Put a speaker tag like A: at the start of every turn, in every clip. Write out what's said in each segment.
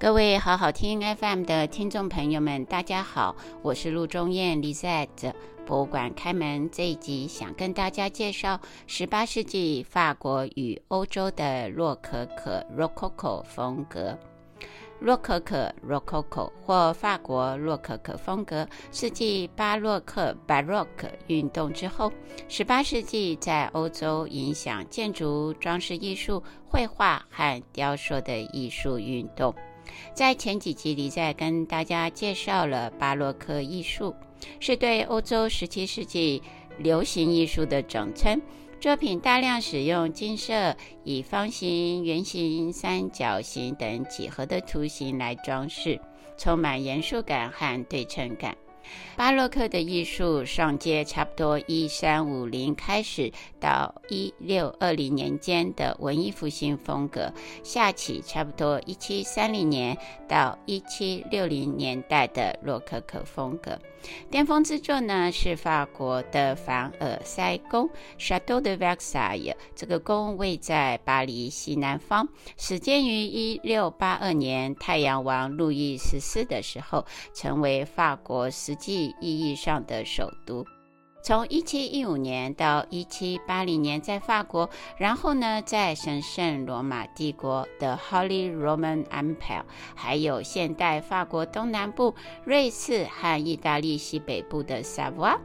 A: 各位好好聽 FM 的聽眾朋友們，大家好，我是陸中燕 Lizette。博物館開門這一集，想跟大家介紹18世紀法國與歐洲的洛可可 （Rococo） 風格。洛可可 （Rococo） 可可或法國洛可可風格，是繼巴洛克 （Baroque） 運動之後，18世紀在歐洲影響建築、裝飾藝術、繪畫和雕塑的藝術運動。在前幾集裡，在跟大家介紹了巴洛克藝術，是對歐洲17世紀流行藝術的總稱。作品大量使用金色，以方形、圓形、三角形等幾何的圖形來裝飾，充滿嚴肅感和對稱感。巴洛克的藝術上接差不多一三五零開始到一六二零年間的文藝復興風格，下起差不多一七三零年到一七六零年代的洛可可風格。巔峰之作呢是法國的凡爾賽宮 Château de Versailles，這個宮位在巴黎西南方，始建於一六八二年，太陽王路易十四的時候，成為法國十際意義上的首都，從1715年到1780年在法國，然後呢，在神聖羅馬帝國的 Holy Roman Empire，還有現代法國東南部、瑞士和意大利西北部的薩瓦、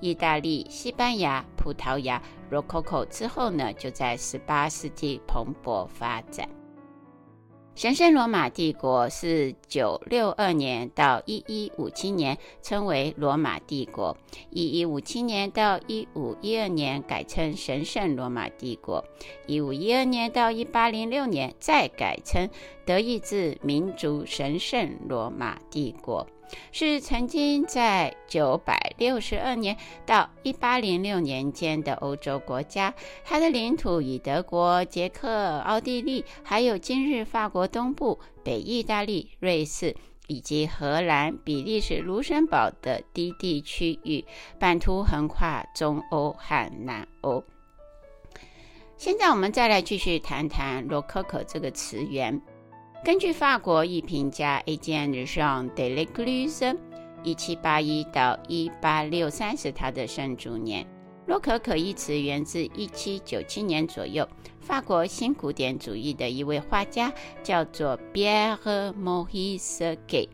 A: 意大利、西班牙、葡萄牙，Rococo 之後呢，就在18世紀蓬勃發展。神聖羅馬帝國是九六二年到一一五七年稱為羅馬帝國，一一五七年到一五一二年改稱神聖羅馬帝國，一五一二年到一八零六年再改稱德意志民族神聖羅馬帝國。是曾經在九百六十二年到一八零六年間的歐洲國家，它的領土以德國、捷克、奧地利，還有今日法國東部、北意大利、瑞士以及荷蘭、比利時、盧森堡的低地區域，版圖橫跨中歐和南歐。現在我們再來繼續談談“洛可可”這個詞源。根據法國藝評家 Étienne-Jean Delécluze，一七八一到一八六三是他的生卒年。洛可可一詞源自一七九七年左右，法國新古典主義的一位畫家叫做 Pierre-Maurice Quay，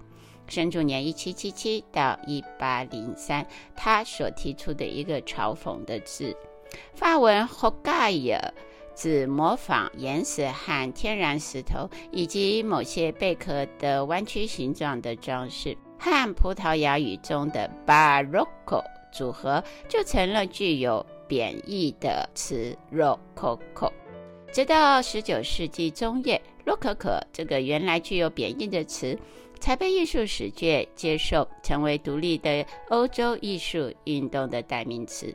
A: 生卒年一七七七到一八零三，他所提出的一個嘲諷的字，法文 rocaille 只模仿岩石和天然石頭以及某些貝殼的彎曲形狀的裝飾，和葡萄牙語中的巴洛克組合，就成了具有貶義的詞“洛可可”。直到19世紀中葉，“洛可可”這個原來具有貶義的詞，才被藝術史界接受，成為獨立的歐洲藝術運動的代名詞。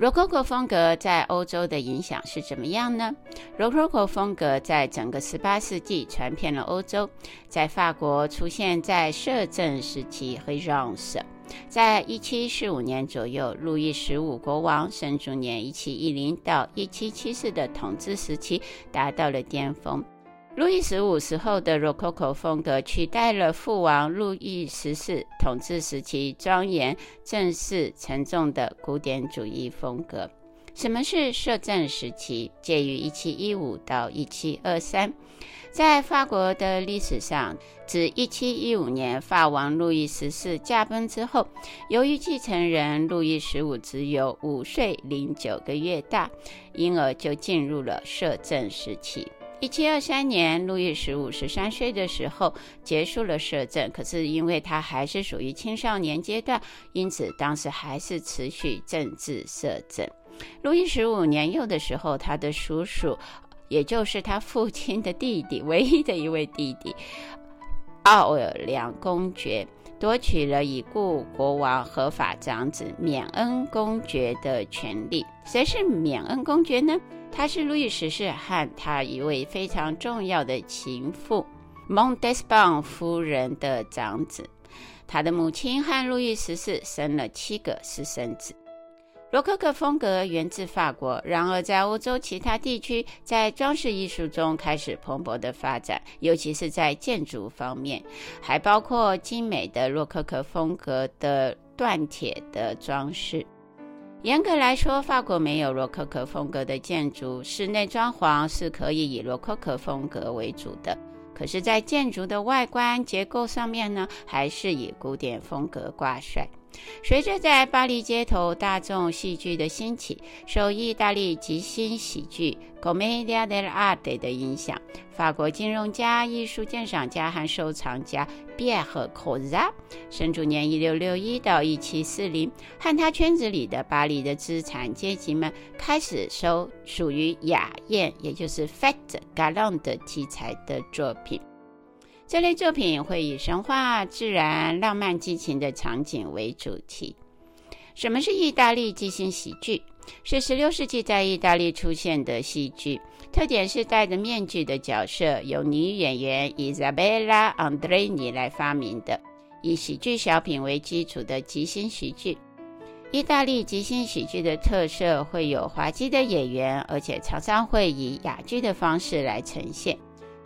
A: Rococo 風格在歐洲的影響是怎麼樣呢？Rococo 風格在整個18世紀傳遍了歐洲，在法國出現在攝政時期和讓 r 在一七四五年左右，路易十五國王 （1710-1774） 年1710到1774的統治時期達到了巔峰。路易十五時候的洛可可風格取代了父王路易十四統治時期莊嚴、正式、沉重的古典主義風格。什麼是攝政時期？介於一七一五到一七二三，在法國的歷史上，自一七一五年法王路易十四駕崩之後，由於繼承人路易十五只有五歲零九個月大，因而就進入了攝政時期。一七二三年，路易十五十三歲的時候結束了攝政，可是因為他還是屬於青少年階段，因此當時還是持續政治攝政。路易十五年幼的時候，他的叔叔，也就是他父親的弟弟，唯一的一位弟弟，奧爾良公爵，奪取了已故國王合法長子緬因公爵的權利。誰是緬因公爵呢？他是路易十四和他一位非常重要的情婦蒙德斯邦夫人的長子，他的母親和路易十四生了七個私生子。洛可可風格源自法國，然而在歐洲其他地區，在裝飾藝術中開始蓬勃的發展，尤其是在建築方面，還包括精美的洛可可風格的鍛鐵的裝飾。嚴格來說，法國沒有洛可可風格的建築，室內裝潢是可以以洛可可風格為主的。可是，在建築的外觀結構上面呢，還是以古典風格掛帥。隨着在巴黎街頭大眾戲劇的興起，受意大利即興喜劇 Commedia dell'arte 的影響，法國金融家、藝術鑑賞家和收藏家 Pierre Crozat 生卒年 1661-1740） 和他圈子裡的巴黎的資產階級們開始收屬於雅宴，也就是 fête galante 的題材的作品。這類作品會以神話、自然、浪漫、激情的場景為主題。什麼是意大利即興喜劇？是16世紀在意大利出現的戲劇，特點是戴着面具的角色，由女演員 Isabella Andreini 來發明的，以喜劇小品為基礎的即興喜劇。意大利即興喜劇的特色會有滑稽的演員，而且常常會以啞劇的方式來呈現。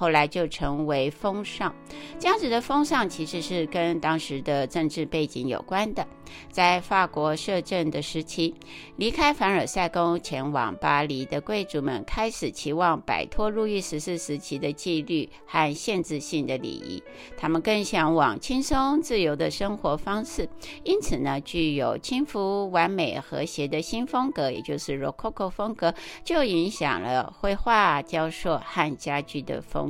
A: 後來就成為風尚，這樣子的風尚其實是跟當時的政治背景有關的。在法國攝政的時期，離開凡爾賽宮前往巴黎的貴族們開始期望擺脫路易十四時期的紀律和限制性的禮儀，他們更嚮往輕鬆自由的生活方式。因此呢，具有輕浮、完美、和諧的新風格，也就是 Rococo 風格，就影響了繪畫、雕塑和家具的風格。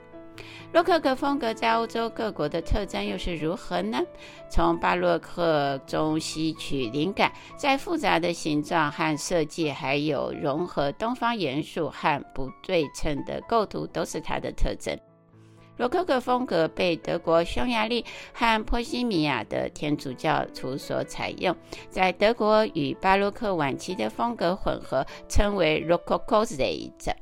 A: 洛可可風格在歐洲各國的特徵又是如何呢？從巴洛克中吸取靈感，在複雜的形狀和設計，還有融合東方元素和不對稱的構圖，都是它的特徵。洛可可風格被德國、匈牙利和波西米亞的天主教徒所採用，在德國與巴洛克晚期的風格混合，稱為 Rococo style。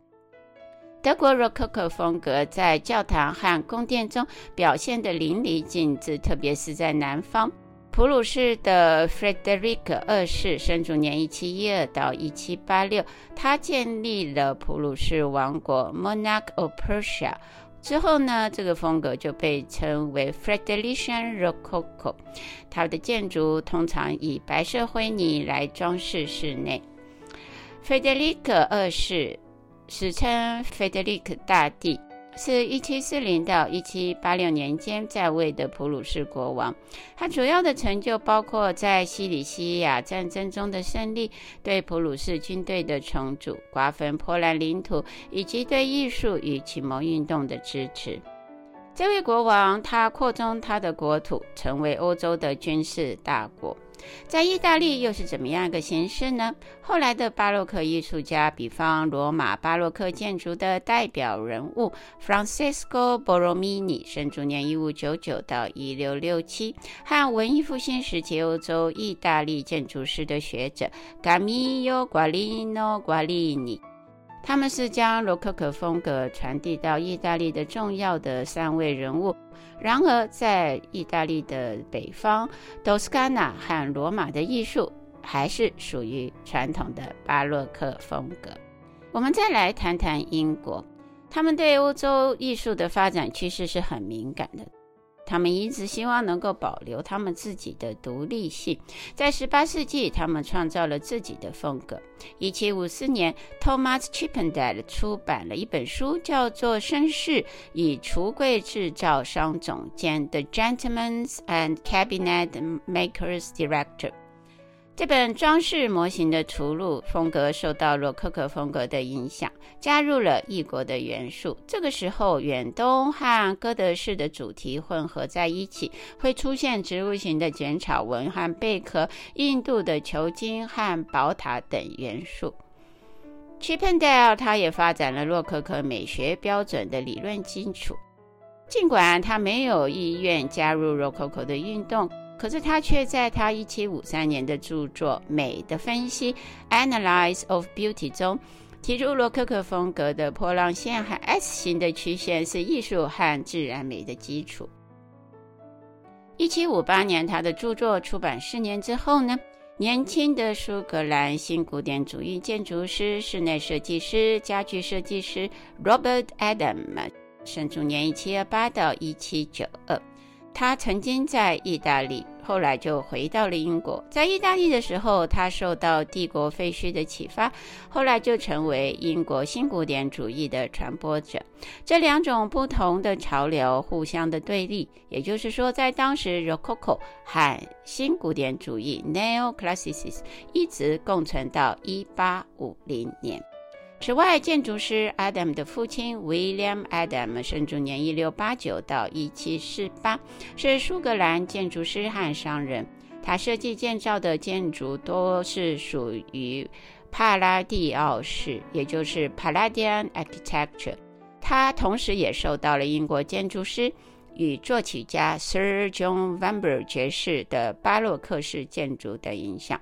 A: 德國 rococo 風格在教堂和宮殿中表現得淋漓盡致，特別是在南方普魯士的弗雷德里克二世（生卒年：一七一二到一七八六），他建立了普魯士王國 （Monarch of Prussia）。之後呢，這個風格就被稱為 Frederician rococo。它的建築通常以白色灰泥來裝飾室內。弗雷德里克二世史稱菲德里克大帝，是一七四零到一七八六年間在位的普魯士國王。他主要的成就包括在西里西亞戰爭中的勝利、對普魯士軍隊的重組、瓜分波蘭領土，以及對藝術與啟蒙運動的支持。這位國王，他擴充他的國土，成為歐洲的軍事大國。在意大利又是怎麼樣一個形式呢？後來的巴洛克藝術家，比方羅馬巴洛克建築的代表人物 Francesco Borromini，生卒年一五九九到一六六七，和文藝復興時期歐洲意大利建築師的學者 Camillo Guarino Guarini 他們是將洛可可風格傳遞到意大利的重要的三位人物。然而，在意大利的北方，托斯卡納和羅馬的藝術還是屬於傳統的巴洛克風格。我們再來談談英國，他們對歐洲藝術的發展趨勢是很敏感的。他們一直希望能夠保留他們自己的獨立性。在十八世紀，他們創造了自己的風格。一七五四年，Thomas Chippendale 出版了一本書，叫做紳士與櫥櫃製造商總監，The Gentlemen's and Cabinet Makers Director。這本裝飾模型的圖錄風格受到洛可可風格的影響，加入了異國的元素。這個時候，遠東和哥德式的主題混合在一起，會出現植物型的卷草紋和貝殼、印度的球莖和寶塔等元素。Chippendale 他也發展了洛可可美學標準的理論基礎，儘管他沒有意願加入洛可可的運動。可是他卻在他一七五三年的著作《美的分析 a n a l y s e of Beauty） 中，提出洛可可風格的波浪線和 S 型的曲線是藝術和自然美的基礎。一七五八年，他的著作出版四年之後呢，年輕的蘇格蘭新古典主義建築師、室內設計師、家具設計師 Robert Adam（ 生卒年一七一八到一七九二）。他曾經在意大利，後來就回到了英國。在意大利的時候，他受到帝國廢墟的啟發，後來就成為英國新古典主義的傳播者。這兩種不同的潮流互相的對立，也就是說，在當時，Rococo 和新古典主義 Neoclassicist 一直共存到一八五零年。此外，建築師 Adam 的父親 William Adam 生卒年一六八九到一七四八，是蘇格蘭建築師和商人。他設計建造的建築多是屬於帕拉蒂奧式，也就是 Palladian Architecture。他同時也受到了英國建築師與作曲家 Sir John Vanbrugh 爵士的巴洛克式建築的影響。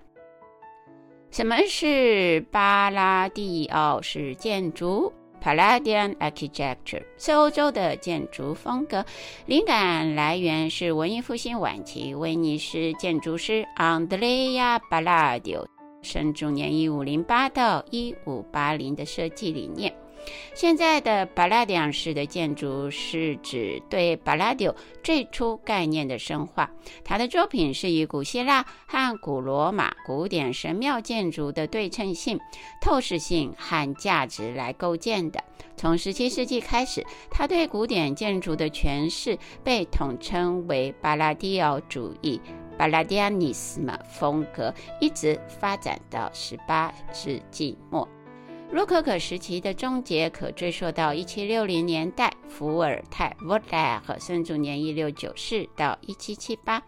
A: 什麼是巴拉第奧式建築 （Paladian Architecture）？是歐洲的建築風格，靈感來源是文藝復興晚期威尼斯建築師安德烈亞·巴拉迪奧 （Andrea a l l a d i o，生卒年一五零八到一五八零的設計理念。現在的巴拉迪昂式的建築是指對巴拉迪奧最初概念的深化。他的作品是以古希臘和古羅馬古典神廟建築的對稱性、透視性和價值來構建的。從17世紀開始，他對古典建築的詮釋被統稱為巴拉迪奧主義巴拉 r a 尼斯 a 風格，一直發展到18世紀末。洛可可時期的終結可追溯到1760年代。伏爾泰 v o a e 和孫祖年 （1694-1778）。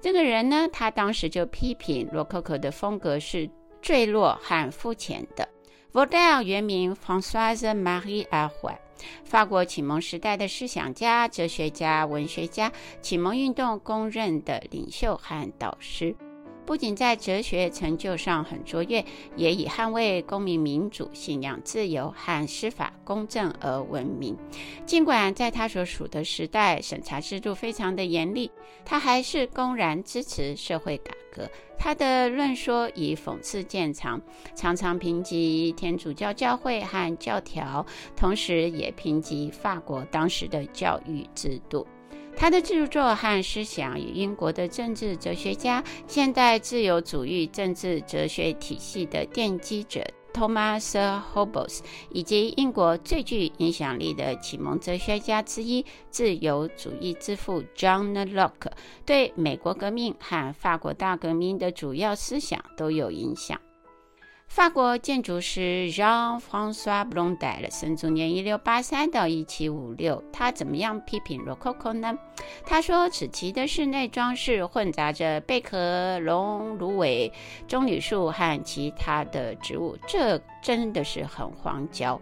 A: 這個人呢，他當時就批評洛可可的風格是墮落和膚淺的。d 爾 l 原名 François Marie a r o u e 法國啟蒙時代的思想家、哲學家、文學家，啟蒙運動公認的領袖和導師。不僅在哲學成就上很卓越，也以捍衛公民民主、信仰自由和司法公正而聞名。儘管在他所屬的時代，審查制度非常的嚴厲，他還是公然支持社會改革。他的論說以諷刺見長，常常抨擊天主教教會和教條，同時也抨擊法國當時的教育制度。他的著作和思想與英國的政治哲學家、現代自由主義政治哲學體系的奠基者 Thomas Hobbes，以及英國最具影響力的啟蒙哲學家之一、自由主義之父 John Locke，對美國革命和法國大革命的主要思想都有影響。法國建築師讓·弗朗索瓦·布隆代爾生卒年一六八三到一七五六，他怎麼樣批評洛可可呢？他說：“此期的室內裝飾混雜着貝殼、龍、蘆葦、棕櫚樹和其他的植物，這真的是很荒郊。”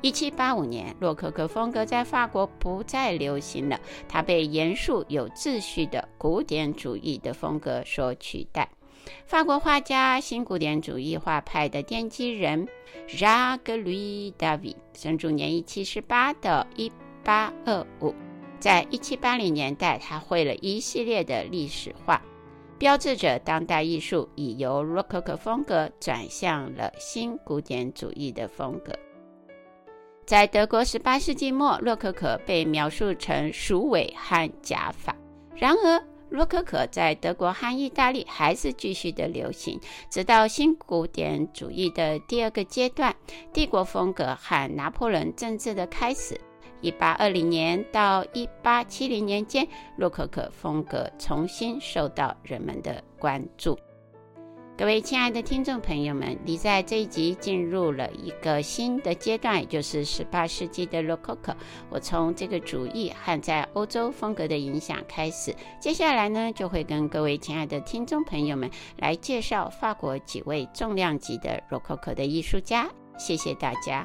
A: 一七八五年，洛可可風格在法國不再流行了，它被嚴肅有秩序的古典主義的風格所取代。法國畫家新古典主義畫派的奠基人扎格呂大衛，生卒年一七十八到一八二五，在一七八零年代，他繪了一系列的歷史畫，標誌着當代藝術已由洛可可風格轉向了新古典主義的風格。在德國，十八世紀末，洛可可被描述成鼠尾和假髮。然而。洛可可在德國和意大利還是繼續的流行，直到新古典主義的第二個階段——帝國風格和拿破崙政治的開始，1820年到1870年間，洛可可風格重新受到人們的關注。各位親愛的聽眾朋友們，你在這一集進入了一個新的階段，也就是十八世紀的洛可可。我從這個主義和在歐洲風格的影響開始，接下來呢就會跟各位親愛的聽眾朋友們來介紹法國幾位重量級的洛可可的藝術家。謝謝大家。